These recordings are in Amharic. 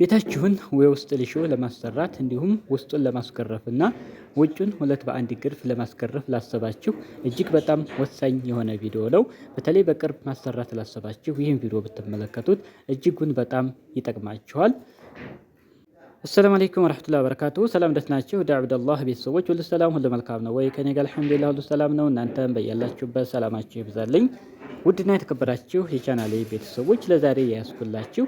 ቤታችሁን የውስጥ ሊሾ ለማሰራት እንዲሁም ውስጡን ለማስገረፍ እና ውጩን ሁለት በአንድ ግርፍ ለማስገረፍ ላሰባችሁ እጅግ በጣም ወሳኝ የሆነ ቪዲዮ ነው። በተለይ በቅርብ ማሰራት ላሰባችሁ ይህን ቪዲዮ ብትመለከቱት እጅጉን በጣም ይጠቅማችኋል። አሰላሙ አለይኩም ወረሕመቱላሂ ወበረካቱሁ። ሰላም ደህና ናችሁ? ወደ አብደላህ ቤተሰቦች ሁሉ ሰላም ሁሉ መልካም ነው ወይ? ከኔ ጋር አልሐምዱሊላህ ሁሉ ሰላም ነው። እናንተም በያላችሁበት ሰላማችሁ ይብዛልኝ። ውድና የተከበራችሁ የቻናሌ ቤተሰቦች ለዛሬ ያስኩላችሁ።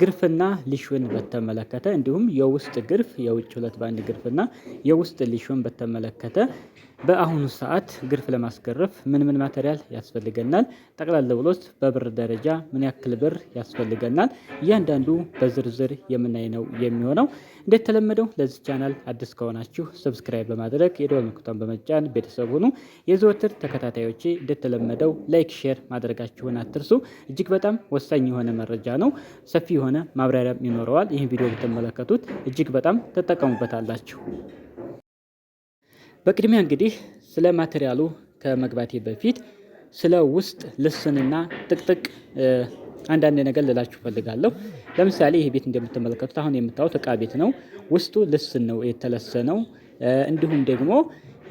ግርፍና ሊሹን በተመለከተ እንዲሁም የውስጥ ግርፍ የውጭ ሁለት በአንድ ግርፍና የውስጥ ሊሹን በተመለከተ በአሁኑ ሰዓት ግርፍ ለማስገረፍ ምን ምን ማቴሪያል ያስፈልገናል? ጠቅላላ ብሎት በብር ደረጃ ምን ያክል ብር ያስፈልገናል? እያንዳንዱ በዝርዝር የምናይ ነው የሚሆነው። እንደተለመደው ለዚህ ቻናል አዲስ ከሆናችሁ ሰብስክራይብ በማድረግ የደወል ምልክቷን በመጫን ቤተሰብ ሁኑ። የዘወትር ተከታታዮቼ እንደተለመደው ላይክ፣ ሼር ማድረጋችሁን አትርሱ። እጅግ በጣም ወሳኝ የሆነ መረጃ ነው። ሰፊ የሆነ ማብራሪያም ይኖረዋል። ይህን ቪዲዮ ብትመለከቱት እጅግ በጣም ትጠቀሙበታላችሁ። በቅድሚያ እንግዲህ ስለ ማቴሪያሉ ከመግባቴ በፊት ስለ ውስጥ ልስንና ጥቅጥቅ አንዳንድ ነገር ልላችሁ ፈልጋለሁ። ለምሳሌ ይህ ቤት እንደምትመለከቱት አሁን የምታዩት እቃ ቤት ነው። ውስጡ ልስን ነው የተለሰነው። እንዲሁም ደግሞ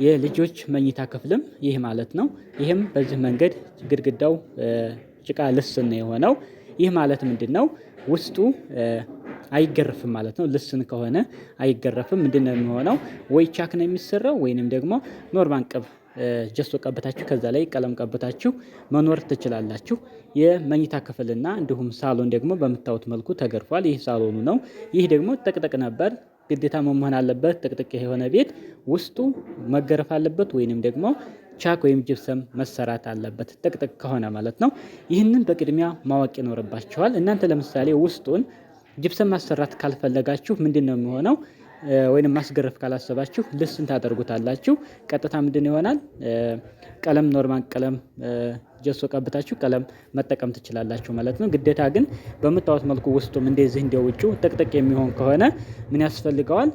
የልጆች መኝታ ክፍልም ይህ ማለት ነው። ይህም በዚህ መንገድ ግድግዳው ጭቃ ልስን የሆነው ይህ ማለት ምንድን ነው ውስጡ አይገረፍም ማለት ነው። ልስን ከሆነ አይገረፍም። ምንድን ነው የሚሆነው? ወይ ቻክ ነው የሚሰራው ወይንም ደግሞ ኖርማን ቅብ ጀሶ ቀብታችሁ ከዛ ላይ ቀለም ቀብታችሁ መኖር ትችላላችሁ። የመኝታ ክፍልና እንዲሁም ሳሎን ደግሞ በምታዩት መልኩ ተገርፏል። ይህ ሳሎኑ ነው። ይህ ደግሞ ጥቅጥቅ ነበር። ግዴታ መሆን አለበት። ጥቅጥቅ የሆነ ቤት ውስጡ መገረፍ አለበት ወይንም ደግሞ ቻክ ወይም ጅብሰም መሰራት አለበት፣ ጥቅጥቅ ከሆነ ማለት ነው። ይህንን በቅድሚያ ማወቅ ይኖርባቸዋል። እናንተ ለምሳሌ ውስጡን ጅብሰን ማሰራት ካልፈለጋችሁ ምንድን ነው የሚሆነው? ወይንም ማስገረፍ ካላሰባችሁ ልስን ታደርጉታላችሁ። ቀጥታ ምንድን ይሆናል? ቀለም ኖርማል ቀለም ጀሶ ቀብታችሁ ቀለም መጠቀም ትችላላችሁ ማለት ነው። ግዴታ ግን በምታዩት መልኩ ውስጡም እንደዚህ እንደውጩ ጥቅጥቅ የሚሆን ከሆነ ምን ያስፈልገዋል?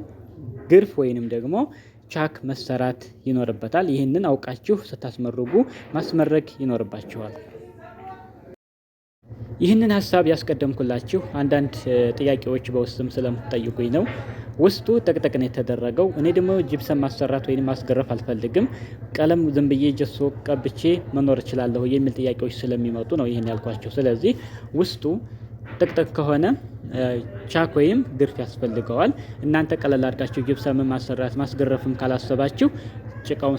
ግርፍ ወይንም ደግሞ ቻክ መሰራት ይኖርበታል። ይህንን አውቃችሁ ስታስመርጉ ማስመረግ ይኖርባችኋል። ይህንን ሀሳብ ያስቀደምኩላችሁ አንዳንድ ጥያቄዎች በውስጥም ስለምትጠይቁኝ ነው። ውስጡ ጥቅጥቅ ነው የተደረገው። እኔ ደግሞ ጅብሰን ማሰራት ወይም ማስገረፍ አልፈልግም። ቀለም ዝም ብዬ ጀሶ ቀብቼ መኖር እችላለሁ የሚል ጥያቄዎች ስለሚመጡ ነው ይህን ያልኳቸው። ስለዚህ ውስጡ ጥቅጥቅ ከሆነ ቻክ ወይም ግርፍ ያስፈልገዋል። እናንተ ቀለል አድርጋችሁ ጅብሰምን ማሰራት ማስገረፍም ካላሰባችሁ ጭቃውን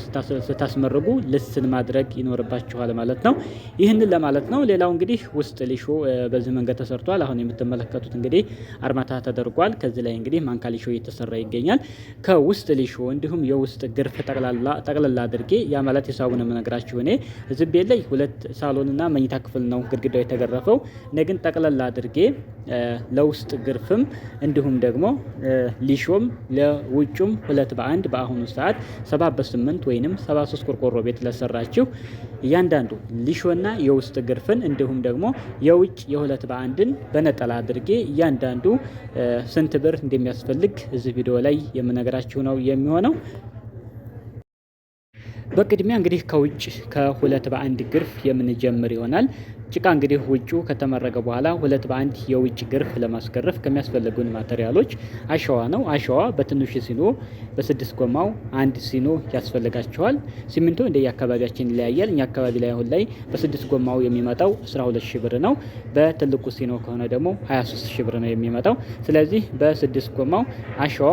ስታስመርጉ ልስን ማድረግ ይኖርባችኋል ማለት ነው። ይህንን ለማለት ነው። ሌላው እንግዲህ ውስጥ ሊሾ በዚህ መንገድ ተሰርቷል። አሁን የምትመለከቱት እንግዲህ አርማታ ተደርጓል። ከዚህ ላይ እንግዲህ ማንካ ሊሾ እየተሰራ ይገኛል። ከውስጥ ሊሾ እንዲሁም የውስጥ ግርፍ ጠቅላላ አድርጌ ያ ማለት የሳቡን የምነግራችሁ እኔ እዚህ ቤት ላይ ሁለት ሳሎንና መኝታ ክፍል ነው ግድግዳው የተገረፈው። እኔ ግን ጠቅላላ አድርጌ ለውስጥ ግርፍም እንዲሁም ደግሞ ሊሾም ለውጩም ሁለት በአንድ በአሁኑ ሰዓት ሰባ በስ 78 ወይም 73 ቆርቆሮ ቤት ለሰራችሁ እያንዳንዱ ሊሾና የውስጥ ግርፍን እንዲሁም ደግሞ የውጭ የሁለት በአንድን በነጠላ አድርጌ እያንዳንዱ ስንት ብር እንደሚያስፈልግ እዚህ ቪዲዮ ላይ የምነግራችሁ ነው የሚሆነው። በቅድሚያ እንግዲህ ከውጭ ከሁለት በአንድ ግርፍ የምንጀምር ይሆናል። ጭቃ እንግዲህ ውጩ ከተመረገ በኋላ ሁለት በአንድ የውጭ ግርፍ ለማስገረፍ ከሚያስፈልጉን ማቴሪያሎች አሸዋ ነው። አሸዋ በትንሹ ሲኖ በስድስት ጎማው አንድ ሲኖ ያስፈልጋቸዋል። ሲሚንቶ እንደ የአካባቢያችን ይለያያል። እኛ አካባቢ ላይ አሁን ላይ በስድስት ጎማው የሚመጣው 12 ሺ ብር ነው። በትልቁ ሲኖ ከሆነ ደግሞ 23 ሺ ብር ነው የሚመጣው። ስለዚህ በስድስት ጎማው አሸዋ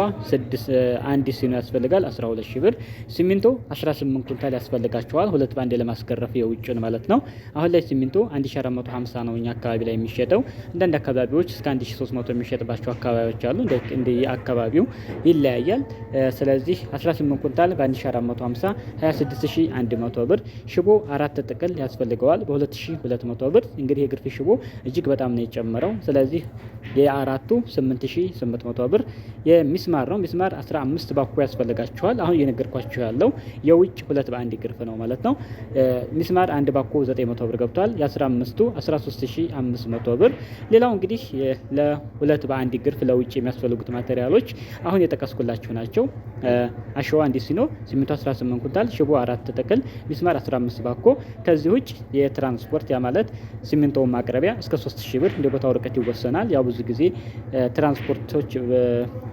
አንድ ሲኖ ያስፈልጋል 12 ሺ ብር። ሲሚንቶ 18 ኩንታል ያስፈልጋቸዋል። ሁለት በአንድ ለማስገረፍ የውጭን ማለት ነው። አሁን ላይ ሲሚንቶ 1450 ነው እኛ አካባቢ ላይ የሚሸጠው። አንዳንድ አካባቢዎች እስከ 1300 የሚሸጥባቸው አካባቢዎች አሉ። እንደ አካባቢው ይለያያል። ስለዚህ 18 ኩንታል በ1450 26100 ብር። ሽቦ አራት ጥቅል ያስፈልገዋል በ2200 ብር። እንግዲህ የግርፊ ሽቦ እጅግ በጣም ነው የጨመረው። ስለዚህ የአራቱ 8800 ብር። የሚስማር ነው ሚስማር 15 ባኩ ያስፈልጋቸዋል። አሁን እየነገርኳቸው ያለው የውጭ ሁለት በአንድ ግርፍ ነው ማለት ነው። ሚስማር አንድ ባኮ 900 ብር ገብቷል። አምስቱ 13500 ብር። ሌላው እንግዲህ ለሁለት በአንድ ግርፍ ለውጭ የሚያስፈልጉት ማቴሪያሎች አሁን የጠቀስኩላችሁ ናቸው። አሸዋ አንድ ሲኖ፣ ሲሚንቶ 18 ኩንታል፣ ሽቦ አራት ጥቅል፣ ሚስማር 15 ባኮ። ከዚህ ውጭ የትራንስፖርት ያ ማለት ሲሚንቶውን ማቅረቢያ እስከ 3000 ብር እንደ ቦታው ርቀት ይወሰናል። ያው ብዙ ጊዜ ትራንስፖርቶች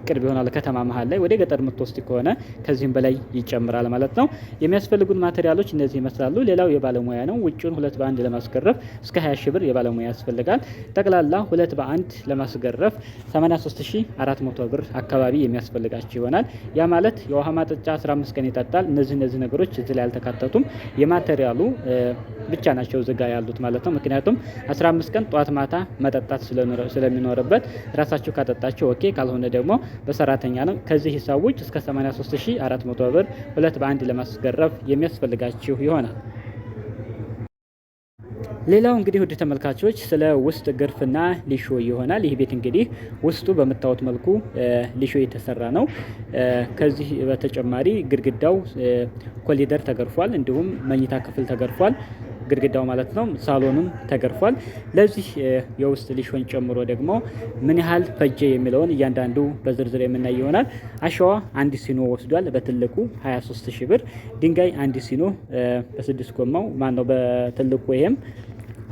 ቅርብ ይሆናል ከተማ መሀል ላይ። ወደ ገጠር ምትወስድ ከሆነ ከዚህም በላይ ይጨምራል ማለት ነው። የሚያስፈልጉት ማቴሪያሎች እነዚህ ይመስላሉ። ሌላው የባለሙያ ነው። ውጭውን ሁለት በአንድ ለማስገረፍ እስከ 20 ሺህ ብር የባለሙያ ያስፈልጋል። ጠቅላላ ሁለት በአንድ ለማስገረፍ 83400 ብር አካባቢ የሚያስፈልጋቸው ይሆናል። ያ ማለት የውሃ ማጠጫ 15 ቀን ይጠጣል። እነዚህ እነዚህ ነገሮች እዚህ ላይ አልተካተቱም። የማቴሪያሉ ብቻ ናቸው ዝጋ ያሉት ማለት ነው። ምክንያቱም 15 ቀን ጠዋት ማታ መጠጣት ስለሚኖርበት ራሳቸው ካጠጣቸው ኦኬ፣ ካልሆነ ደግሞ በሰራተኛ ነው። ከዚህ ሂሳብ ውጭ እስከ 83400 ብር ሁለት በአንድ ለማስገረፍ የሚያስፈልጋችሁ ይሆናል። ሌላው እንግዲህ ውድ ተመልካቾች ስለ ውስጥ ግርፍና ሊሾ ይሆናል። ይህ ቤት እንግዲህ ውስጡ በምታዩት መልኩ ሊሾ የተሰራ ነው። ከዚህ በተጨማሪ ግድግዳው ኮሊደር ተገርፏል፣ እንዲሁም መኝታ ክፍል ተገርፏል ግድግዳው ማለት ነው። ሳሎንም ተገርፏል። ለዚህ የውስጥ ሊሾን ጨምሮ ደግሞ ምን ያህል ፈጀ የሚለውን እያንዳንዱ በዝርዝር የምናይ ይሆናል። አሸዋ አንድ ሲኖ ወስዷል በትልቁ 23 ሺ ብር። ድንጋይ አንድ ሲኖ በስድስት ጎማው ማነው በትልቁ ይሄም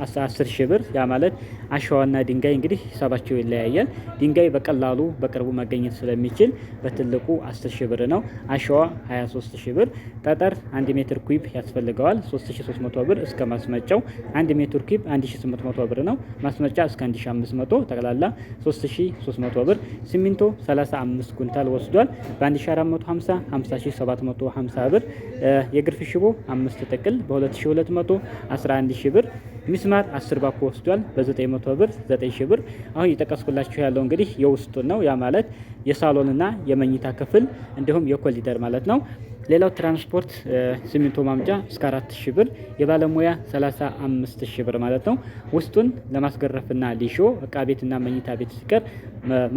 አስር ሺህ ብር። ያ ማለት አሸዋና ድንጋይ እንግዲህ ሂሳባቸው ይለያያል። ድንጋይ በቀላሉ በቅርቡ መገኘት ስለሚችል በትልቁ አስር ሺህ ብር ነው። አሸዋ 23 ሺህ ብር። ጠጠር 1 ሜትር ኩብ ያስፈልገዋል 3300 ብር እስከ ማስመጫው። 1 ሜትር ኩብ 1800 ብር ነው። ማስመጫ እስከ 1500 ጠቅላላ 3300 ብር። ሲሚንቶ 35 ኩንታል ወስዷል በ1450 50750 ብር። የግርፍ ሽቦ 5 ጥቅል በ2200 11000 ብር ሚስማር 10 ባኮ ወስዷል በ900 ብር 9000 ብር። አሁን እየጠቀስኩላችሁ ያለው እንግዲህ የውስጡን ነው። ያ ማለት የሳሎንና የመኝታ ክፍል እንዲሁም የኮሊደር ማለት ነው። ሌላው ትራንስፖርት ሲሚንቶ ማምጫ እስከ 4000 ብር፣ የባለሙያ 35000 ብር ማለት ነው። ውስጡን ለማስገረፍና ሊሾ እቃ ቤትና መኝታ ቤት ሲቀር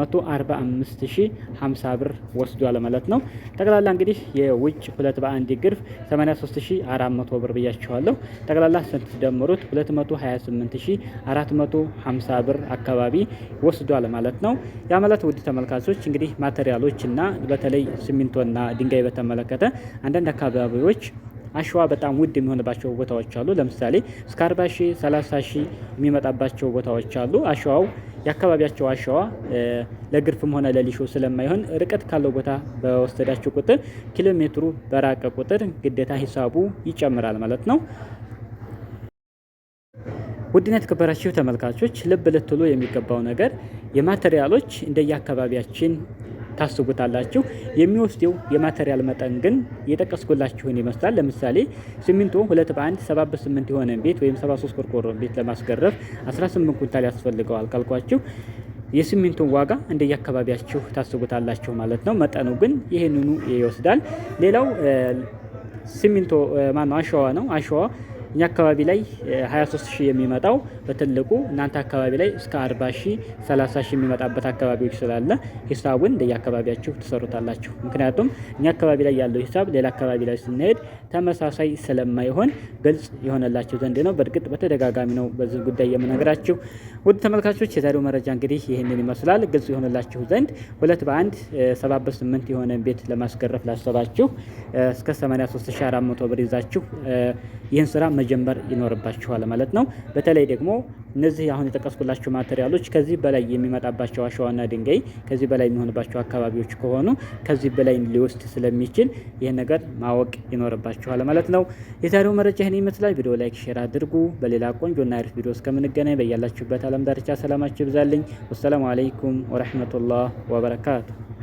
145050 ብር ወስዷል ማለት ነው። ጠቅላላ እንግዲህ የውጭ ሁለት በአንድ ግርፍ 83400 ብር ብያቸዋለሁ ጠቅላላ ስንት ደምሩት 228450 ብር አካባቢ ወስዷል ማለት ነው። ያ ማለት ውድ ተመልካቾች እንግዲህ ማቴሪያሎች እና በተለይ ሲሚንቶና ድንጋይ በተመለከተ አንዳንድ አካባቢዎች አሸዋ በጣም ውድ የሚሆንባቸው ቦታዎች አሉ። ለምሳሌ እስከ 40 ሺ 30 ሺ የሚመጣባቸው ቦታዎች አሉ። አሸዋው የአካባቢያቸው አሸዋ ለግርፍም ሆነ ለሊሾ ስለማይሆን ርቀት ካለው ቦታ በወሰዳቸው ቁጥር ኪሎ ሜትሩ በራቀ ቁጥር ግዴታ ሂሳቡ ይጨምራል ማለት ነው። ውድና የተከበራችሁ ተመልካቾች ልብ ልትሉ የሚገባው ነገር የማቴሪያሎች እንደየአካባቢያችን ታስቡታላችሁ። የሚወስደው የማቴሪያል መጠን ግን የጠቀስኩላችሁን ይመስላል። ለምሳሌ ሲሚንቶ ሁለት በአንድ ሰባ በስምንት የሆነ ቤት ወይም ሰባ ሶስት ቆርቆሮ ቤት ለማስገረፍ 18 ኩንታል ያስፈልገዋል ካልኳችሁ የሲሚንቶን ዋጋ እንደየአካባቢያችሁ ታስቡታላችሁ ማለት ነው። መጠኑ ግን ይህንኑ ይወስዳል። ሌላው ሲሚንቶ ማነው አሸዋ ነው። አሸዋ እኛ አካባቢ ላይ 23 ሺህ የሚመጣው በትልቁ እናንተ አካባቢ ላይ እስከ 40 ሺህ 30 ሺህ የሚመጣበት አካባቢዎች ስላለ ሂሳቡን እንደየአካባቢያችሁ ትሰሩታላችሁ። ምክንያቱም እኛ አካባቢ ላይ ያለው ሂሳብ ሌላ አካባቢ ላይ ስንሄድ ተመሳሳይ ስለማይሆን ግልጽ የሆነላችሁ ዘንድ ነው። በእርግጥ በተደጋጋሚ ነው በዚህ ጉዳይ የምነግራችሁ። ውድ ተመልካቾች የዛሬው መረጃ እንግዲህ ይህንን ይመስላል። ግልጽ የሆነላችሁ ዘንድ ሁለት በአንድ ሰባ በስምንት የሆነ ቤት ለማስገረፍ ላሰባችሁ እስከ 83400 ብር ይዛችሁ ይህን ስራ መጀመር ይኖርባችኋል ማለት ነው። በተለይ ደግሞ እነዚህ አሁን የጠቀስኩላችሁ ማቴሪያሎች ከዚህ በላይ የሚመጣባቸው አሸዋና ድንጋይ ከዚህ በላይ የሚሆንባቸው አካባቢዎች ከሆኑ ከዚህ በላይ ሊወስድ ስለሚችል ይህን ነገር ማወቅ ይኖርባችኋል ማለት ነው። የዛሬው መረጃ ይህን ይመስላል። ቪዲዮ ላይክ፣ ሼር አድርጉ። በሌላ ቆንጆና አሪፍ ቪዲዮ እስከምንገናኝ በያላችሁበት አለም ዳርቻ ሰላማችሁ ይብዛልኝ። ወሰላሙ አለይኩም ወረህመቱላህ ወበረካቱ